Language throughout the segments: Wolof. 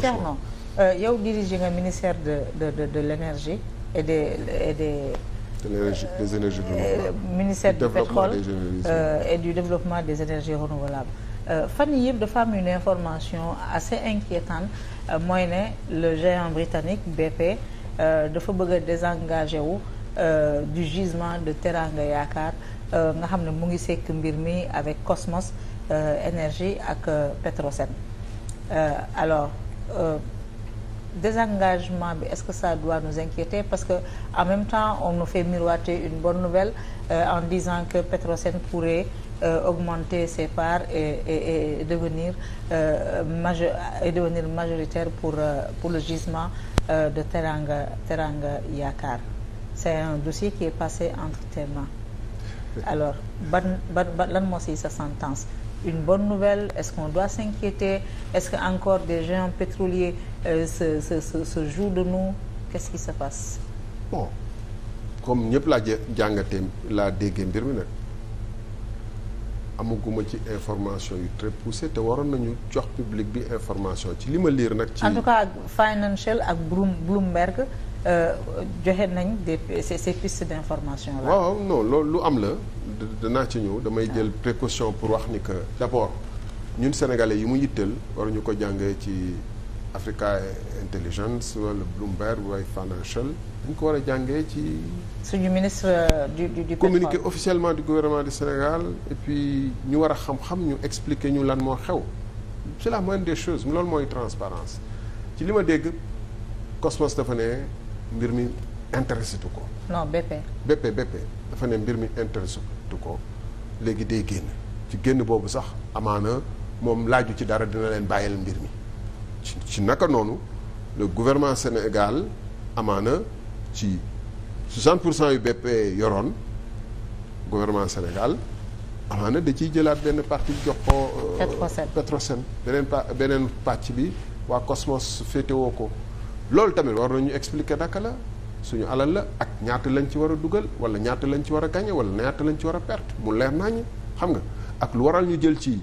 Thierno euh, yow dirigé nga ministère de de de de l'énergie et des et des. Euh, des énergies renouvelables ministère du pétrole et du développement des énergies renouvelables euh, fan yii yëpp dafa am une information assez inquiétante mooy ne le géant britannique BP dafa bëgg a désengagé wu du gisement de Teranga Yaakaar nga xam ne mu ngi sekk mbir mi avec Cosmos énergie ak Petrosen alors. euh, désengagement bi est-ce que ça doit nous inquiéter parce que en même temps on nous fait miroiter une bonne nouvelle euh, en disant que Petrosen pourrait euh, augmenter ses parts et et, et devenir euh, majoritaire pour euh, pour le gisement de Teranga Teranga Yakar c'est un dossier qui est passé entre tes alors ban ban ban lan sa sentence une bonne nouvelle est-ce qu'on est-ce que encore des géants pétroliers euh, se jour de nous qu'est-ce qui se passe. bon comme ñëpp laa jàngatee laa déggee mbir mi nag amaguma ci information yu très poussée te waroon nañu jox public bi information ci li ma liir nag. ci en tout cas Financial ak Bloomberg. Euh, joxe nañ des ces pistes d'information là. waaw non loolu lu am la danaa ci ñëw damay jël précaution pour wax ni que d'abord ñun sénégalais yi mu yitteel ñu ko jàngee ci Africa Intelligence wala Bloomberg wala Financial dañ ko war a jàngee ci. suñu ministre euh, du du communiqué officiellement du gouvernement du Sénégal et puis ñu war a xam-xam ñu expliquer ñu lan moo xew. c'est la moindre des choses loolu mooy transparence ci li ma dégg Cosmos dafa ne. mbir mi intéressé tu ko. non BP. dafa ne mbir mi intéressé tu ko léegi day génn ci génn boobu sax amaana moom laaju ci dara dina leen bàyyil mbir mi ci ci naka noonu le gouvernement Sénégal amaana ci 60 pour yu bépp yoroon gouvernement Sénégal. amaana da ciy jëlaat benn partie jox ko. Euh, Petrosen beneen pa beneen pàcc bi waa Cosmos féetewoo ko. loolu tamit war nañu expliquer naka la suñu alal la ak ñaata lañ ci war a dugal wala ñaata lañ ci war a gagné wala ñaata lañ ci war a perte mu leer nañu xam nga ak lu waral ñu jël ci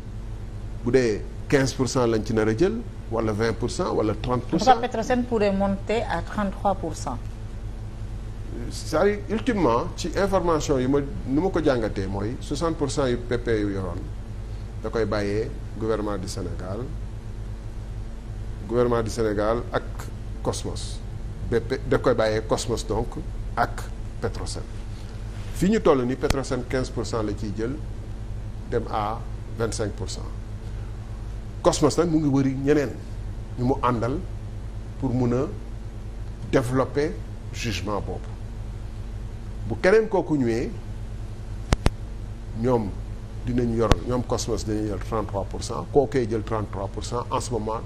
bu dee 15 pour cent lañ ci nar a jël wala 20 pour cent wala 30 pour cent. Petrosen pourrait monter à 33 pour cent. cest à ultimement ci information yi ma nu ma ko jàngatee mooy 60 pour cent yu PP yu yoroon da koy bàyyee gouvernement du Sénégal gouvernement du Sénégal ak. Cosmos BP daf koy bàyyee Cosmos donc ak Petrosen fii ñu toll ni Petrosen quinze pour cent la ciy jël dem vingt cinq pour cent Cosmos nag mu ngi wëri ñeneen ñu mu àndal pour mun a développer jugement boobu bu keneen kooku ñëwee ñoom dinañ yor ñoom Cosmos dañuy jël 33 pour cent koo koy jël 33 pour cent en ce moment.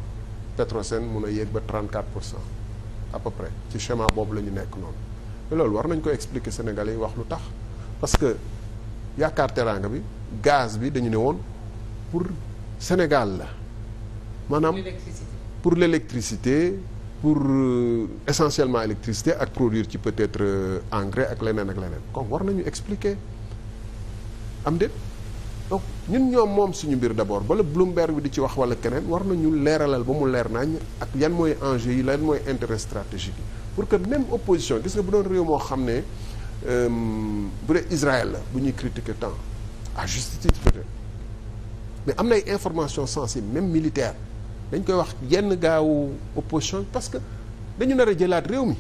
Petrosen mun a yéeg ba 34 pour cent à peu près ci schéma boobu la ñu nekk noonu loolu war nañ ko expliquer Sénégalais yi wax lu tax parce que yaakaar teraanga bi gaz bi dañu ne woon pour Sénégal la maanaam pour l'électricité pour euh, essentiellement électricité ak produire ci peut-être euh, engrais ak leneen ak leneen kon war nañu expliquer am déet donc ñun ñoom moom suñu mbir d'abord bala Bloomberg bi di ci wax wala keneen war nañu leeralal ba mu leer nañ ak yan mooy enjeu yi lan mooy intérêt stratégique yi pour que même opposition gis nga bu doon réew moo xam ne euh, bu dee Israël la bu ñuy critiquer tant à juste titre mais am na ay informations sensibles même militaire dañ koy wax yenn gaawu opposition parce que dañu nar a jëlaat réew mi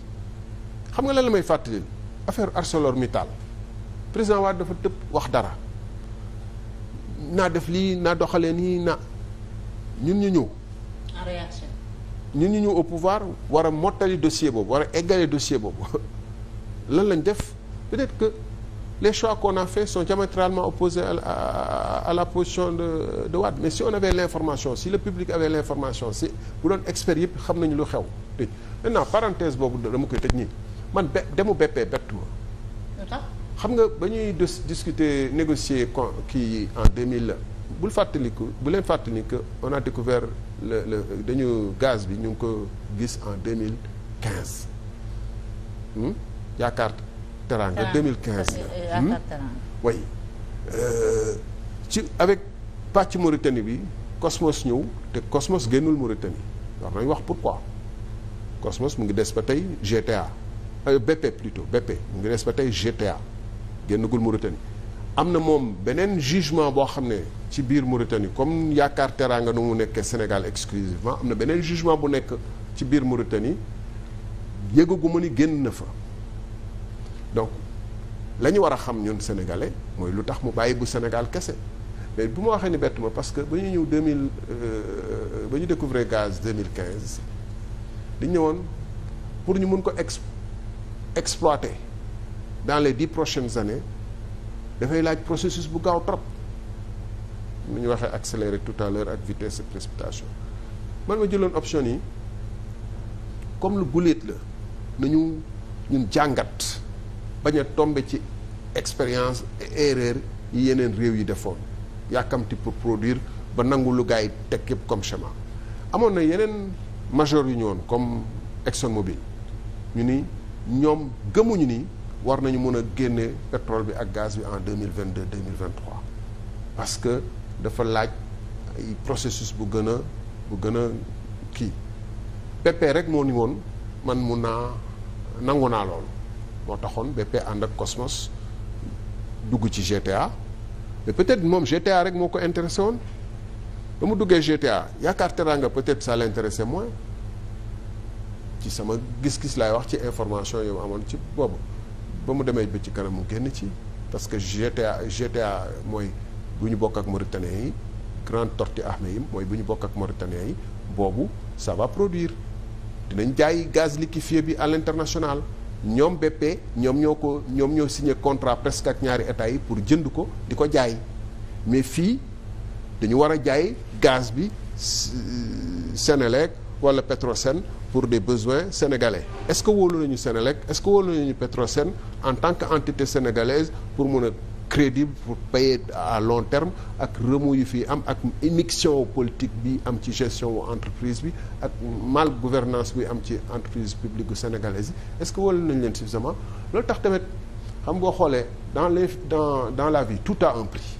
xam nga la la may fàttali affaire ArcelorMittal président Wade dafa tëb wax dara. naa def lii naa doxalee nii naa ñun ñu ñëw. en ñun ñu ñëw au pouvoir war a mottali dossier boobu wara a égaler dossier boobu lan lañ def peut-être que les choix qu'on a fait sont diamétralement opposés à, à, la position de de Wade mais si on avait l'information si le public avait l'information si bu doon expert yëpp xam nañu lu xew tëj maintenant parenthèse boobu dama koy tëj nii man be demu beppee bettu ma. xam nga ba ñuy discuter négocier con kii en 2000 la bul fàttaliku bu leen fàttali que on a découvert le le dañu gaz bi ñu ngi ko gis en 2015 hmm? yaakaar teraanga 2015 la eh, eh, hmm? oui euh, ci avec pàcc Mauritanie bi Cosmos ñëw te Cosmos génnul Mauritanie war nañ wax pourquoi Cosmos mu ngi des ba tey GTA euh, BP plutôt BP mu ngi des ba tey GTA génnagul Mauritanie am na moom beneen jugement boo xam ne ci biir Mauritanie comme yaakaar teraanga nu mu nekkee Sénégal exclusivement am na beneen jugement bu nekk ci biir Mauritanie yëgagu ma ni génn na fa donc la ñu war a xam ñun sénégalais mooy lu tax mu bàyyi bu Sénégal kese mais bu ma waxee ni bett ma parce que ba ñu ñëw 2000 euh, ba ñu découvrir gaz 2015 dañu ñëwoon pour ñu mun ko ex dans les dix prochaines années dafay laaj processus bu gaaw trop nu ñu waxee accéléré tout à l'heure ak vitesse et précipitation man ma jëloon option yi comme lu guléet la nañu ñun jàngat bañ a tombe ci expérience et yi yeneen réew yi defoon yàkkamti pour produire ba nangu lu gars teg yëpp comme chemin amoon na yeneen major yu ñoon comme Exxon Mobil ñu ni ñoom gëmuñu nii war nañu mën a génne pétrole bi ak gaz bi en deux mille vingt deux deux mille vingt parce que dafa laaj ay processus bu gën a bu gën a kii BP rek moo ni woon man mun naa nangu naa loolu moo taxoon BP ànd ak Cosmos dugg ci GTA mais peut-être moom GTA rek moo ko intéressé woon ba mu duggee GTA yaakaar teraanga peut-être ça l'intéressait moins ci sama gis-gis laay wax ci information yow amoon ci boobu. ba mu demee ba ci kanam mu génn ci parce que GTA GTA mooy bu ñu bokk ak Mauritaniens yi Grande Tortue Ahmeyim mooy bu ñu bokk ak Mauritaniens yi boobu ça va produire dinañ jaay gaz liquéfié bi à l'international ñoom BP ñoom ñoo ko ñoom ñoo signé contrat presque ak ñaari état yi pour jënd ko di ko jaay mais fii dañu war a jaay gaz bi Senelec euh, wala Petrosen pour des besoins sénégalais est-ce que wóolu nañu Sénélec est-ce que wóolu nañu Petrosen en tant qu'entité sénégalaise pour mun a crédible pour payer à long terme ak remous yi fi am ak immixtion politique bi am ci gestion wu entreprise bi ak mal gouvernance bi am ci entreprise publique gu sénégalaise yi est-ce que wóolu nañ leen suffisamment loolu tax tamit xam boo xoolee dans les dans dans la vie tout a un prix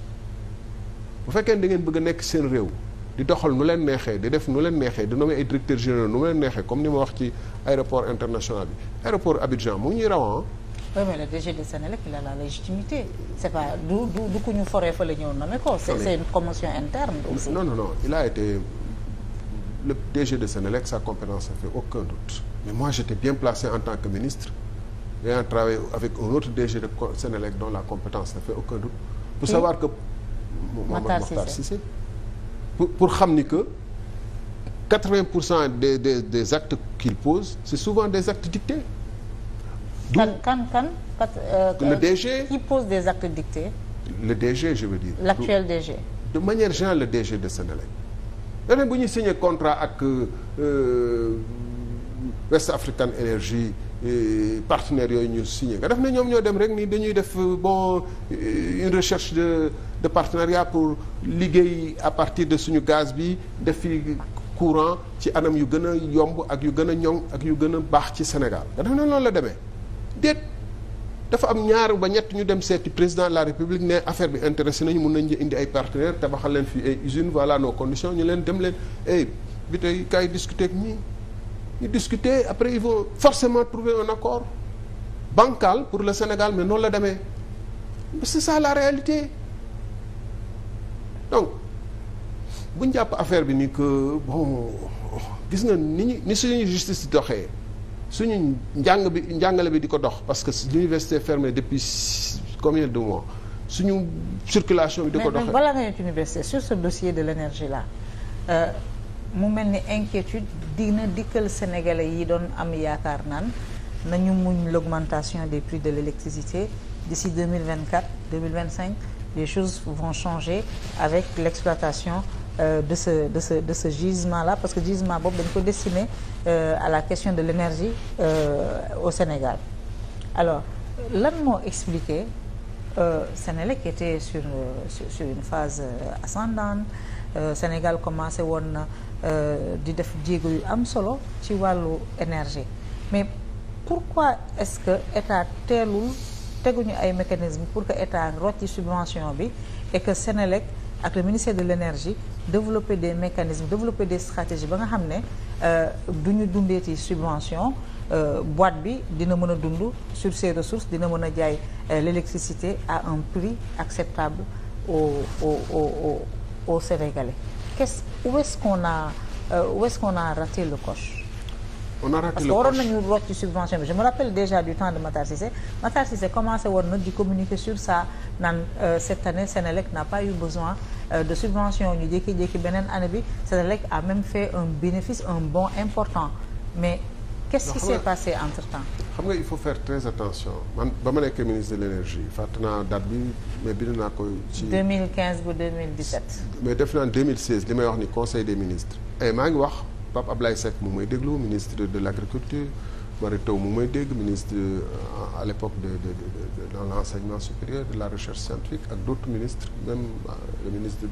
bu fekkee da ngeen bëgg a nekk seen réew di doxal nu leen neexee di def nu leen neexee di nommer ay directeurs généraux nu leen neexee comme ni ma wax ci aéroport international bi aéroport Abidjan mu ngi ñuy rawan ah. oui mais le DG de Senelec il a la légitimité c'est pas du du ku ñu foree fa la ñëw nommé ko c'est une promotion interne non non il a été le DG de Senelec sa compétence ne fait aucun doute mais moi j'étais bien placé en tant que ministre ayant travaillé avec un autre DG de Senelec dont la compétence ne fait aucun doute pour oui. pour pour xam ni que quatre-vingts pour cent des des des actes qu'il pose c'est souvent des actes dictés. d'où kan kan kan. Euh, le DG qui pose des actes dictés. le DG je veux dire. l'actuel DG. de manière générale le DG de Sénélec. leneen bu ñu signé contrat ak euh, West African Energy euh, partenaire yooyu ñu signé nga def ne ñoom ñoo dem rek ni dañuy def bon une recherche de. de partenariat pour liggéey à partir de suñu gaz bi def fi courant ci anam yu gën a yomb ak yu gën a ñoŋ ak yu gën a baax ci Sénégal dafa ne noonu la demee déet dafa am ñaar ba ñett ñu dem seeti président de la République ne affaire bi intéressé nañu mun nañu indi ay partenaires tabaxal leen fi ay usines voilà nos conditions ñu leen dem leen eh bi tey kaay discuter ak ñii ñu discuter après ils vont forcément trouver un accord bancal pour le Sénégal mais noonu la demee donc bu ñu jàpp affaire bi ni que gis nga ni ñu ni suñu justice doxee suñu njàng bi njàngale bi di ko dox parce que l'université fermée depuis combien de mois suñu circulation bi di ko doxee bala nga ñëw ci université sur ce dossier de l'énergie là euh, mu mel ni inquiétude dina dikkal sénégalais yi doon am yaakaar naan nañu muñ l'augmentation des prix de l'électricité d'ici deux mille vingt quatre deux mille vingt cinq les choses vont changer avec l'exploitation euh, de ce de ce de ce gisement la parce que gisement boobu dañ ko destiné euh, à la question de l'énergie euh, au Sénégal alors lan moo expliqué euh, Sénélec était sur, euh, sur sur une phase ascendante Sénégal commencé woon na di def jéego yu am solo ci wàllu énergie mais pourquoi est-ce que état teelul teguñu ay mécanisme pour que état rocci subvention bi et que Sénélec ak le ministère de l'énergie développer des mécanismes développer des stratégies ba nga xam ne euh, du ñu dundeeti subvention euh, boite bi dina mën a dund sur ses ressources dina mën a jaay euh, l'électricité à un prix acceptable au au au au Sénégalais qu'est-ce où est-ce qu'on raté le coche on parce que waroon nañu wax ci subvention bi je me rappelle déjà du temps de Matar Cissé Matar Cissé commencé woon na di communiquer sur ça naan euh, cette année Sénélec n'a pas eu besoin euh, de subvention ñu jékki-jékki beneen anne bi Sénélec a même fait un bénéfice un bond important mais qu'est-ce qui s'est passé entre-temps xam nga il faut faire très attention ba ma nekkee ministre l'énergie fàtte naa date bi mais bind naa ko ci 2015 ba 2017 mais def naa 2016 li may wax ni conseil des ministres et maa wax Pape Ablaye Seck mu may déglu ministre de l' agriculture Mary Teuw mu may dégg ministre euh, à l' époque de de de dans l' enseignement supérieur de la recherche scientifique ak d' autres ministres même euh, le ministre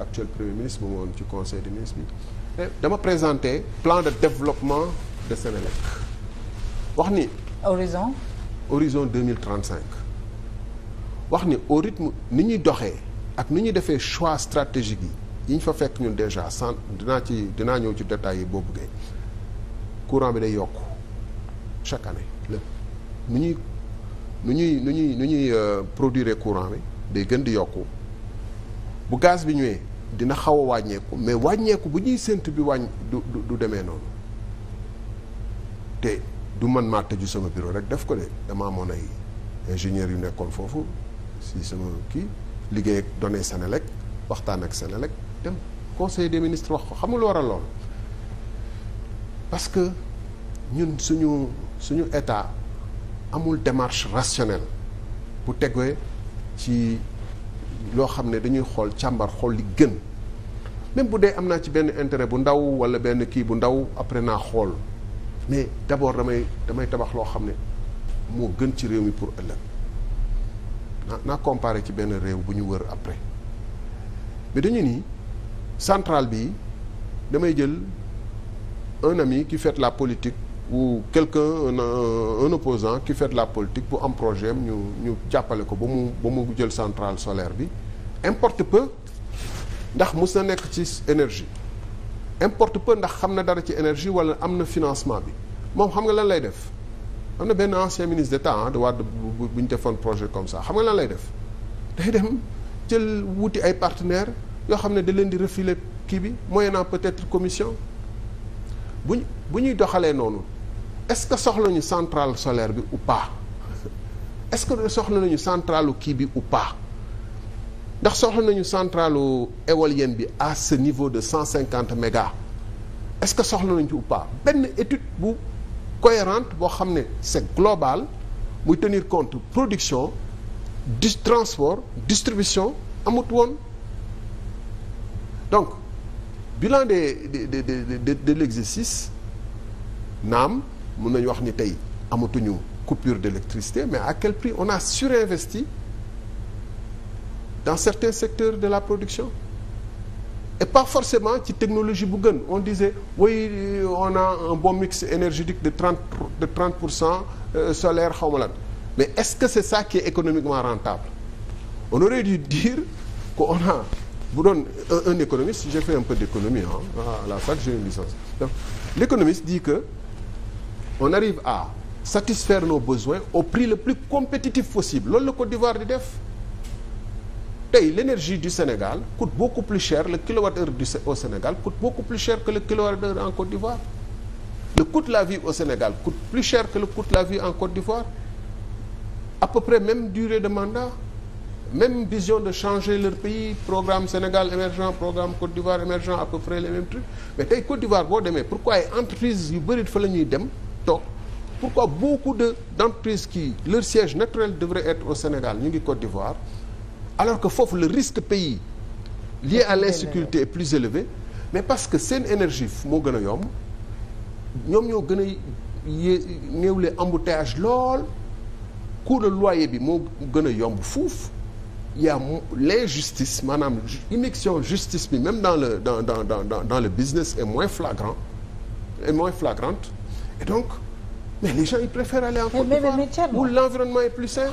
actuel premier ministre bu ma woon ci conseil des ministres bi dama présenter plan de développement de Sénélec wax ni. horizon. horizon deux mille trente cinq wax ni au rythme ni ñuy doxee ak ni ñuy defee choix stratégique yi. yi ñu fa fekk ñun déjà sant dinaa ci dinaa ñëw ci détails yi boo bëggee courant bi day yokk chaque année lépp nu ñuy nu ñuy nu ñuy nu ñuy euh, produire courant bi day gën di yokku bu gaz bi ñëwee dina xaw a wàññeeku mais wàññeeku bu ñuy séntu bi wàññ du du demee noonu te du man maa tëju sama bureau rek def ko de dama amoon ay ingénieurs yu nekkoon foofu si sama kii liggéey ak données Sénélec waxtaan ak Sénélec dem conseil des ministres wax ko xam nga lu waral lool parce que ñun suñu suñu état amul démarche rationnelle bu tegee ci loo xam ne dañuy xool càmbar xool li gën même bu dee am naa ci benn intérêt bu ndaw walla benn kii bu ndaw après naa xool mais d'abord damay damay tabax loo xam ne moo gën ci réew mi pour ëllëg naa naa comparé ci benn réew bu ñu wër après mais dañu nii centrale bi damay jël un ami qui fait la politique ou quelqu'un un, un, un opposant qui la politique bu am projet am ñu ñu jàppale ko ba mu mu jël centrale solaire bi importe peu ndax mu sa nekk ci énergie importe peu ndax xam na dara ci énergie wala am na financement bi moom xam nga lan lay def am na benn ancien ministre d'État ah de Wade bu ñu defoon projet comme ça xam nga lan lay def day dem jël wuti ay partenaires yoo xam ne da leen di refiler kii bi moyennant peut-être commission bu bu ñuy doxalee noonu est-ce que soxla ñu centrale solaire bi ou pas est-ce que soxla nañu centralu kii bi ou pas ndax soxla nañu centralu éolienne bi à ce niveau de cent cinquante mégas est-ce que soxla nañu ci ou pas benn étude bu cohérente boo xam ne c'est global muy tenir compte production du transport distribution amut woon donc bilan des de de de de l'exercice naam mun nañu wax ni tey amatuñu coupure d'électricité mais à quel prix on a surinvesti dans certains secteurs de la production et pas forcément ci technologie bu gën on disait oui on a un bon mix énergétique de trente de trente pour cent euh, solaire xaw ma lan mais est-ce que c'est ça qui est économiquement rentable on aurait dû dire qu'on a bu doon euh, un économiste j'ai fait un peu d'économie à la fac j'ai une licence donc l'économiste dit que on arrive à satisfaire nos besoins au prix le plus compétitif possible loolu la Côte d'Ivoire di def tey l'énergie du Sénégal coûte beaucoup plus cher le kilowattheure du au Sénégal coûte beaucoup plus cher que le kilowattheure en Côte d'Ivoire le coût de la vie au Sénégal coûte plus cher que le coût la vie en Côte d'Ivoire à peu près même durée de mandat même vision de changer leur pays programme Sénégal émergent programme Côte d'Ivoire émergent à peu près les mêmes trucs mais tey Côte d'Ivoire boo demee pourquoi ay entreprises yu bëri fa la ñuy dem toog pourquoi beaucoup de d'entreprises qui leur siège naturel devrait être au Sénégal ñu ngi Côte d'Ivoire alors que foofu le risque pays lié à l'insécurité est plus élevé mais parce que seen énergie moo gën a yomb ñoom ñoo gën a yée néewle embouteillage lool coût de loyer bi moo gën a yomb fuuf y a l'injustice maanaam inexion justice bi même dans le dans dans dans dans le business est moins flagrant est moins flagrante donc mais les gens ils préfèrent aller en Côte d'Ivoire où l'environnement est plus sain.